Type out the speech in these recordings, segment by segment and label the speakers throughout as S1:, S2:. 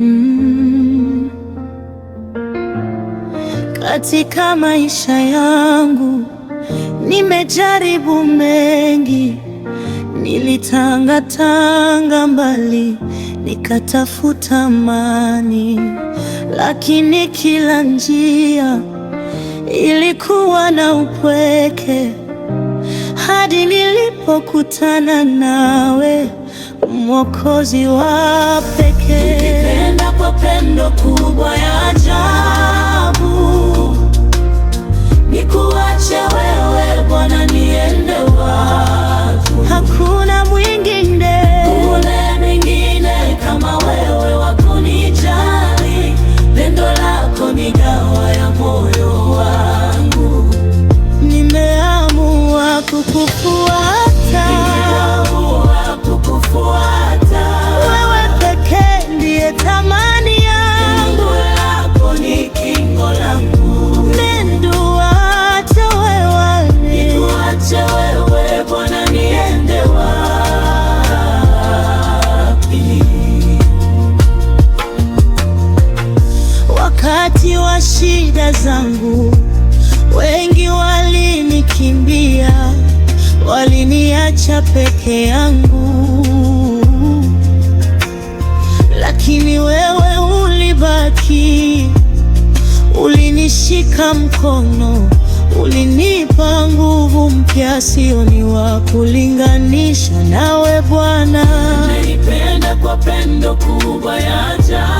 S1: Mm-hmm. Katika maisha yangu nimejaribu mengi, nilitangatanga mbali, nikatafuta amani, lakini kila njia ilikuwa na upweke, hadi nilipokutana nawe, Mwokozi wa pekee.
S2: Nalo pendo kubwa ya ajabu ni kuache wewe Bwana, niende wapi?
S1: Hakuna mwingine,
S2: kule mwingine kama wewe wa kunijali. Pendo lako ni dawa ya moyo wangu,
S1: nimeamua kukufuata. Wewe pekee ndiye tamaa wakati wa shida zangu, wengi walinikimbia, waliniacha peke yangu, lakini wewe ulibaki, ulinishika mkono, ulinipa nguvu mpya, ni wa kulinganisha nawe Bwana.
S2: Umenipenda kwa pendo kubwa ya ajabu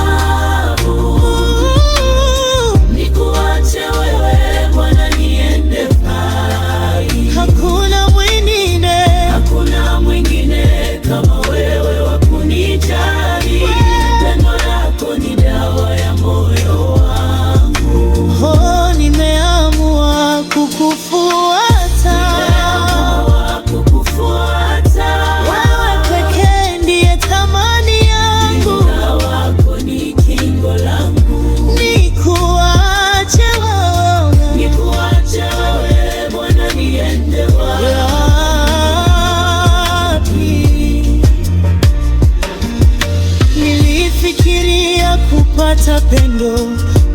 S1: kupata pendo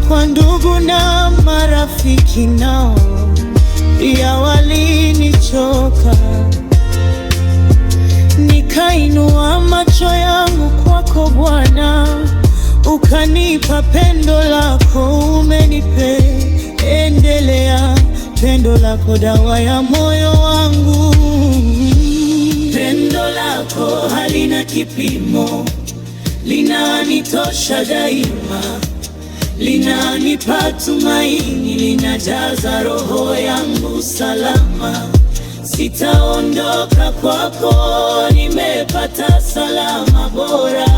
S1: kwa ndugu na marafiki, nao pia walinichoka. Nikainua macho yangu kwako Bwana, ukanipa pendo lako, umenipe endelea pendo lako, dawa ya moyo wangu.
S2: Pendo lako halina kipimo linanitosha daima, linanipa tumaini, linajaza roho yangu salama. Sitaondoka kwako, nimepata salama bora.